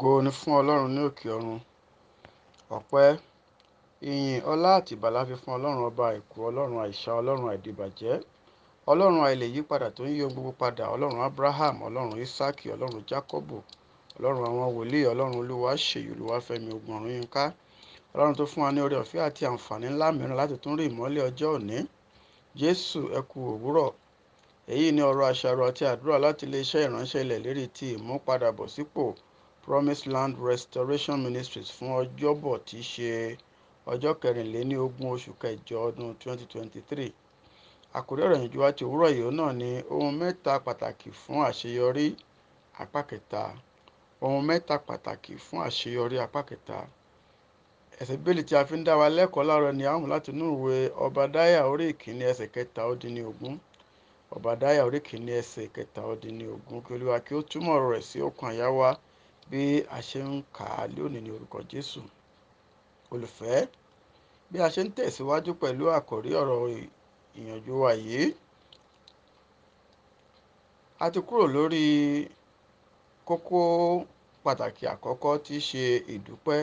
ògo ni fún ọlọ́run ní òkè ọ̀run ọ̀pẹ́ ìyìn ọlá àti ìbàlá fi fún ọlọ́run ọba àìkú ọlọ́run àìṣà ọlọ́run àìdìbàjẹ́ ọlọ́run àìlèyípadà tó ń yí gbogbo padà ọlọ́run abraham ọlọ́run isaki ọlọ́run jacob ọlọ́run àwọn wòlíì ọlọ́run olúwa ṣèyí olúwafẹ́mi ogun ọ̀run yínká ọlọ́run tó fún wa ní oore ọ̀fẹ́ àti àǹfààní ńlá mìíràn láti tún rí ìmọ́lẹ̀ ọjọ́ òní jésù ẹkú òwúrọ̀ èyí ni ọ̀rọ̀ àṣàrò àti àdúrà láti iléeṣẹ́ ìránṣẹ́ ilẹ̀ lérí ti ìmúpadàbọ̀sípò promise land restoration ministries fún ọjọ́bọ̀ tí í ṣe ọjọ́ kẹrìnléníogún oṣù kẹjọ ọdún 2023 àkórí ọ̀rọ̀ ìyànjú àti òwúrọ̀ yìí náà ni ohun mẹ́ta pàtàkì fún àṣeyọrí apá kẹta ohun mẹ́ta pàtàkì fún àṣeyọrí apá kẹta ẹsẹ̀ bíbélì tí a fi ń dá wa lẹ́kọ̀ọ́ láàárọ̀ ni a mú láti inú ìwé ọbadáyà orí ìkíní ẹsẹ̀ kẹta ó dín ní ogún ọbadáyà orí ìkíní ẹsẹ̀ kẹta ó dín ní ogún kí olúwa kí ó túmọ̀ rẹ̀ sí okùn àyà wa bí a ṣe ń kà á lónìí ní orúkọ Jésù olùfẹ́ bí a ṣe ń tẹ̀síwájú pẹ̀lú àkòrí ọ̀rọ̀ ìyànjú wa yìí a ti kúrò lórí kókó pàtàkì àkọ́kọ́ tí í ṣe ìdúpẹ́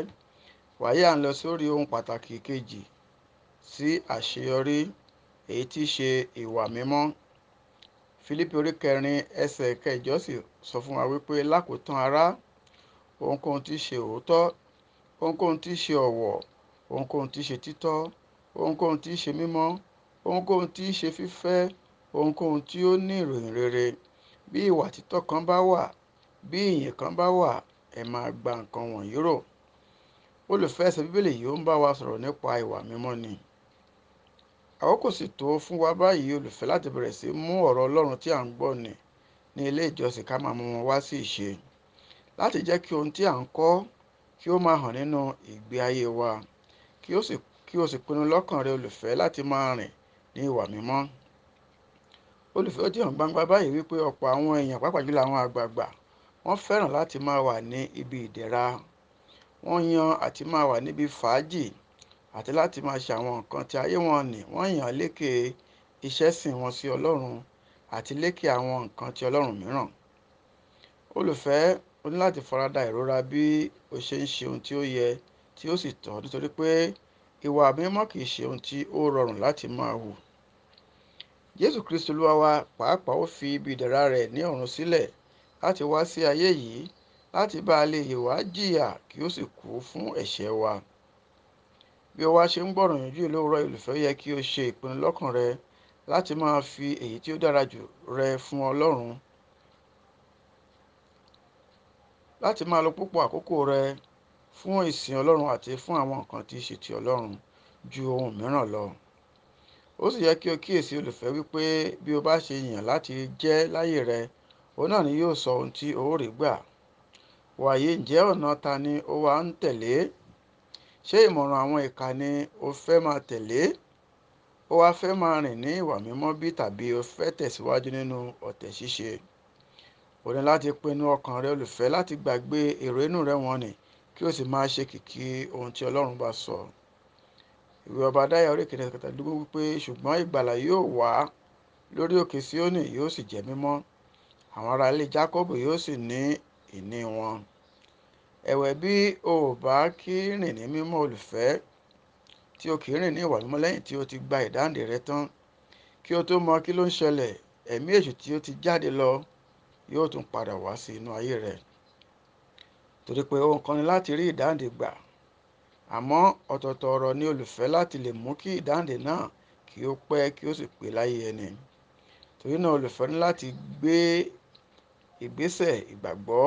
wàyí à ń lọ sórí ohun pàtàkì kejì sí àṣeyọrí èyí tí í ṣe ìwà mímọ́ Fílípì orí kẹrin ẹsẹ̀ kẹjọ sì sọ fún wa wípé lákòótán ará ohunkóhun tí í ṣe òótọ́ ohunkóhun tí í ṣe ọ̀wọ̀ ohunkóhun tí í ṣe títọ́ ohunkóhun tí í ṣe mímọ́ ohunkóhun tí í ṣe fífẹ́ ohunkóhun tí ó ní ìròyìn rere bí ìwà títọ́ kan bá wà bí ìyìn kan bá wà ẹ máa gba nǹkan wọ̀nyí rò olùfẹ́ ẹsẹ̀ bíbélì yìí ó ń bá wa sọ̀rọ̀ nípa ìwà mímọ́ ni àkókò sì tó fún wa báyìí olùfẹ́ láti bẹ̀rẹ̀ sí mú ọ̀rọ̀ ọlọ́run tí à ń gbọ́ ni ní ilé ìjọsìn ká máa mú wọn wá sí ìṣe láti jẹ́ kí ohun tí à ń kọ́ kí ó máa hàn nínú ìgbé ayé wa kí ó sì kí o sì pinnu lọ́kàn rẹ olùfẹ́ láti máa rìn ní ìwà mímọ́. Olùfẹ́ ó jẹ́ hàn gbangba báyìí wípé ọ̀pọ̀ àwọn èèyàn pàápàá jùlọ àwọn àgbààgbà wọ́n fẹ́ràn láti máa wà ní ibi ìdẹ̀ra. Wọ́n yan àti máa wà níbi fàájì àti láti máa ṣe àwọn nǹkan tí ayé wọn nì. Wọ́n yàn lékè iṣẹ́ sìn wọn sí Ọlọ́run àti lékè àwọn nǹkan ti Ọlọ́run mìíràn. Olùfẹ́ o ní láti farada ìrora bí o ṣe ń ṣe ohun tí ó yẹ tí ó sì tọ́ nítorí pé ìwà mímọ́ kì í ṣe ohun tí ó rọrùn láti máa hù. Jésù Kristi Olúwa wa pàápàá ó fi ibi ìdẹ̀ra rẹ̀ ní ọ̀run sílẹ̀ láti wá sí ayé yìí láti bá a lè yè jìyà kí ó sì kú fún ẹ̀ṣẹ̀ wa. Bí o wá ṣe ń gbọ́ràn yànjú ìlówùrọ̀ olùfẹ́ yẹ kí o ṣe ìpinnu lọ́kàn rẹ láti máa fi èyí tí ó dára jù rẹ fún Ọlọ́run láti máa lo púpọ̀ àkókò rẹ fún ìsìn ọlọ́run àti fún àwọn nǹkan tí í ṣe ti ọlọ́run ju ohun mìíràn lọ ó sì yẹ kí o kíyèsí olùfẹ́ wípé bí o bá ṣe yàn láti jẹ́ láyè rẹ òun náà ni yóò sọ ohun tí o ó rí gbà wàyí ǹjẹ́ ọ̀nà ta ni ó wà ń tẹ̀lé ṣé ìmọ̀ràn àwọn ìka ni o fẹ́ máa tẹ̀lé ó wá fẹ́ máa rìn ní ìwà mímọ́ bí tàbí o fẹ́ tẹ̀síwájú nínú ọ̀tẹ̀ ṣíṣe o ní láti pinnu ọkàn rẹ olùfẹ́ láti gbàgbé èrò inú rẹ wọ́n ni kí o sì máa ṣe kìkì ohun tí ọlọ́run bá sọ ìwé ọba dáyà orí kìnìún kẹtàdínlógún wípé ṣùgbọ́n ìgbàlà yóò wá lórí òkè síónì yóò sì jẹ́ mímọ́ àwọn ará ilé jákọ́bù yóò sì ní ìní wọn ẹ̀wẹ̀ bí o ò bá kí rìn ní mímọ́ olùfẹ́ tí o kì í rìn ní ìwà mímọ́ lẹ́yìn tí o ti gba ìdáǹdè rẹ tán kí o tó mọ kí ló ń ṣẹlẹ̀ ẹ̀mí èṣù tí o ti jáde lọ yóò tún padà wá sí inú ayé rẹ̀ torí pé ohun kan ni láti rí ìdáǹdè gbà àmọ́ ọ̀tọ̀ọ̀tọ̀ ọ̀rọ̀ ni olùfẹ́ láti lè mú kí ìdáǹdè náà kí ó pẹ́ kí ó sì pé láyé ẹni torí náà olùfẹ́ ní láti gbé ìgbésẹ̀ ìgbàgbọ́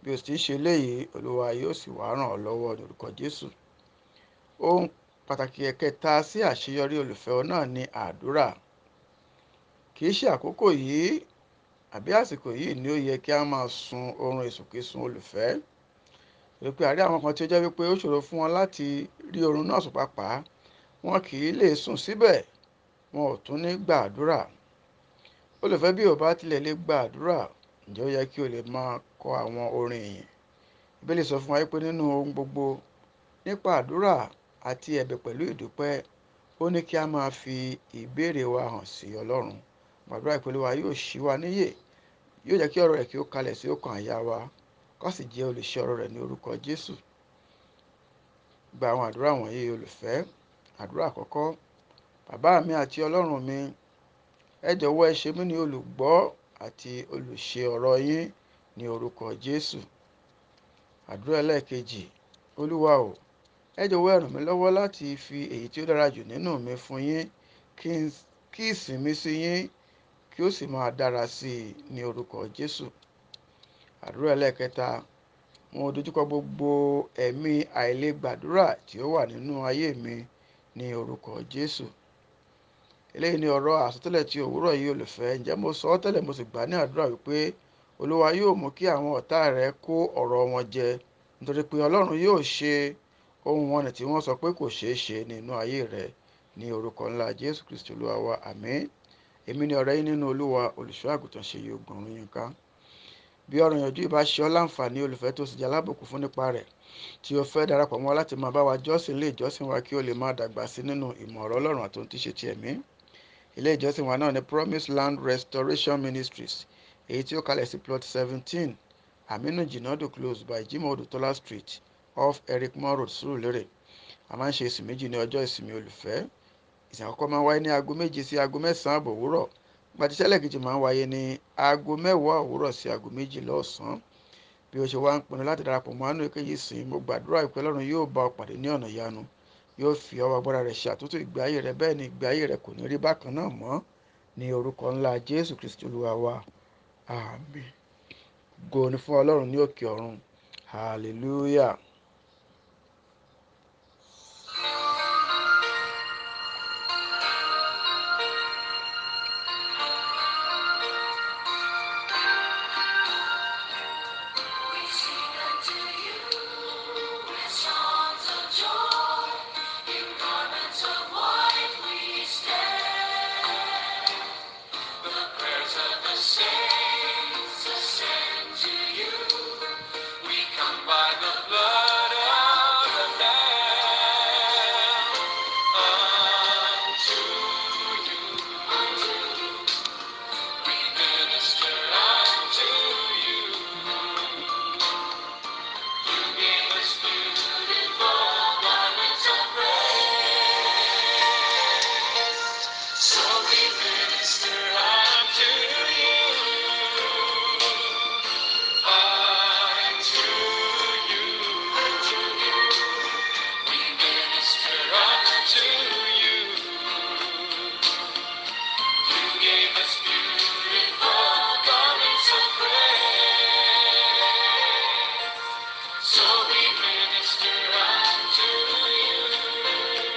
bí o sì ti ṣe léyìí olúwa yóò sì wá ràn ọ́ lọ́wọ́ lórúkọ jésù ohun pàtàkì ẹ̀kẹta sí àṣeyọrí olùfẹ́ náà ni àdúrà kì í ṣe àkókò yìí àbí àsìkò yìí ni ó yẹ kí a máa sun oorun ìsùnkísùn olùfẹ́ torí pé àrí àwọn kan tí ó jẹ́ wípé ó ṣòro fún wọn láti rí oorun náà sùn pàápàá wọn kì í lè sùn síbẹ̀ wọn ò tún ní gbàdúrà olùfẹ́ bí ò bá tilẹ̀ lè gbàdúrà ǹjẹ́ ó yẹ kí o lè máa kọ àwọn orin ìyìn ìbéèlè sọ fún wa pé nínú ohun gbogbo nípa àdúrà àti ẹ̀bẹ̀ pẹ̀lú ìdúpẹ́ ó ní kí a máa fi ìbéèrè wa hàn sí ọlọ́run gbàdúrà ìpolówó wa yóò ṣí wa níyè yóò jẹ́ kí ọ̀rọ̀ rẹ̀ kí ó kalẹ̀ sí ọkàn àyà wa ká sì jẹ́ olùṣe ọ̀rọ̀ rẹ̀ ní orúkọ Jésù gba àwọn àdúrà wọ̀nyí olùfẹ́ àdúrà àkọ́kọ́ bàbá mi àti ọlọ́run mi ẹ jọ̀wọ́ ẹ ṣe mí ní olùgbọ́ àti olùṣe ọ̀rọ̀ yín ní orúkọ Jésù àdúrà ẹlẹ́ẹ̀kejì olúwa o ẹ jọ̀wọ́ ẹ ràn mí lọ́wọ́ láti fi èyí tí ó dára jù nínú mi fún yín kí ìsìn sí yín kí ó sì máa dára sí i ní orúkọ Jésù àdúrà ẹlẹ́ẹ̀kẹta mo dojúkọ gbogbo ẹ̀mí àìlègbàdúrà tí ó wà nínú ayé mi ní orúkọ Jésù eléyìí ni ọ̀rọ̀ àsọtẹ́lẹ̀ ti òwúrọ̀ yìí olùfẹ́ ǹjẹ́ mo sọ ọ́ tẹ́lẹ̀ mo sì gbà ní àdúrà wípé olúwa yóò mú kí àwọn ọ̀tá rẹ kó ọ̀rọ̀ wọn jẹ nítorí pé ọlọ́run yóò ṣe ohun wọn tí wọ́n sọ pé kò ṣeé ṣe nínú ayé rẹ ní orúkọ ńlá jésù kristu olúwa wa àmín èmi ni ọ̀rẹ́ yín nínú olúwa olùṣọ́ àgùntàn ṣèyí ògùn òyìnká bí ọ̀rọ̀ ìyànjú ìbá ṣe ọ́ láǹfààní olùfẹ́ tó sì jẹ́ alábòkú fún nípa rẹ̀ tí o fẹ́ darapọ̀ mọ́ láti máa bá wa jọ́sìn ilé ìjọsìn wa kí o lè máa dàgbà sí nínú ìmọ̀ ọ̀rọ̀ ọlọ́run àti ohun tí ṣe ti ẹ̀mí ilé ìjọsìn wa náà ni promise land restoration ministries èyí tí ó kalẹ̀ sí plot seventeen aminu jinadu close by jimoh odutola street off eric moore road surulere a máa ń ṣe ìsìn méjì ní ọjọ́ ìsinmi olùfẹ́ ìsìn àkọ́kọ́ máa ń wáyé ní aago méje sí aago mẹ́sàn-án àbọ̀ òwúrọ̀ gbàtíṣẹ́lẹ̀ kejì máa ń wáyé ní aago mẹ́wàá òwúrọ̀ sí aago méjì lọ́sàn-án bí o ṣe wá ń pinnu láti darapọ̀ mọ́ àánú èkéyìí sìn mo gbàdúrà ìpè ọlọ́run yóò bá ọ pàdé ní ọ̀nà ìyanu yóò fi ọwọ́ agbára rẹ̀ ṣe àtúntò ìgbé ayé rẹ bẹ́ẹ̀ ni ìgbé ayé rẹ kò ní rí bákan náà mọ́ ní orúkọ ńlá jésù kristu olúwa wa àmín ògo ni fún ọlọ́run ní òkè ọ̀run hallelujah.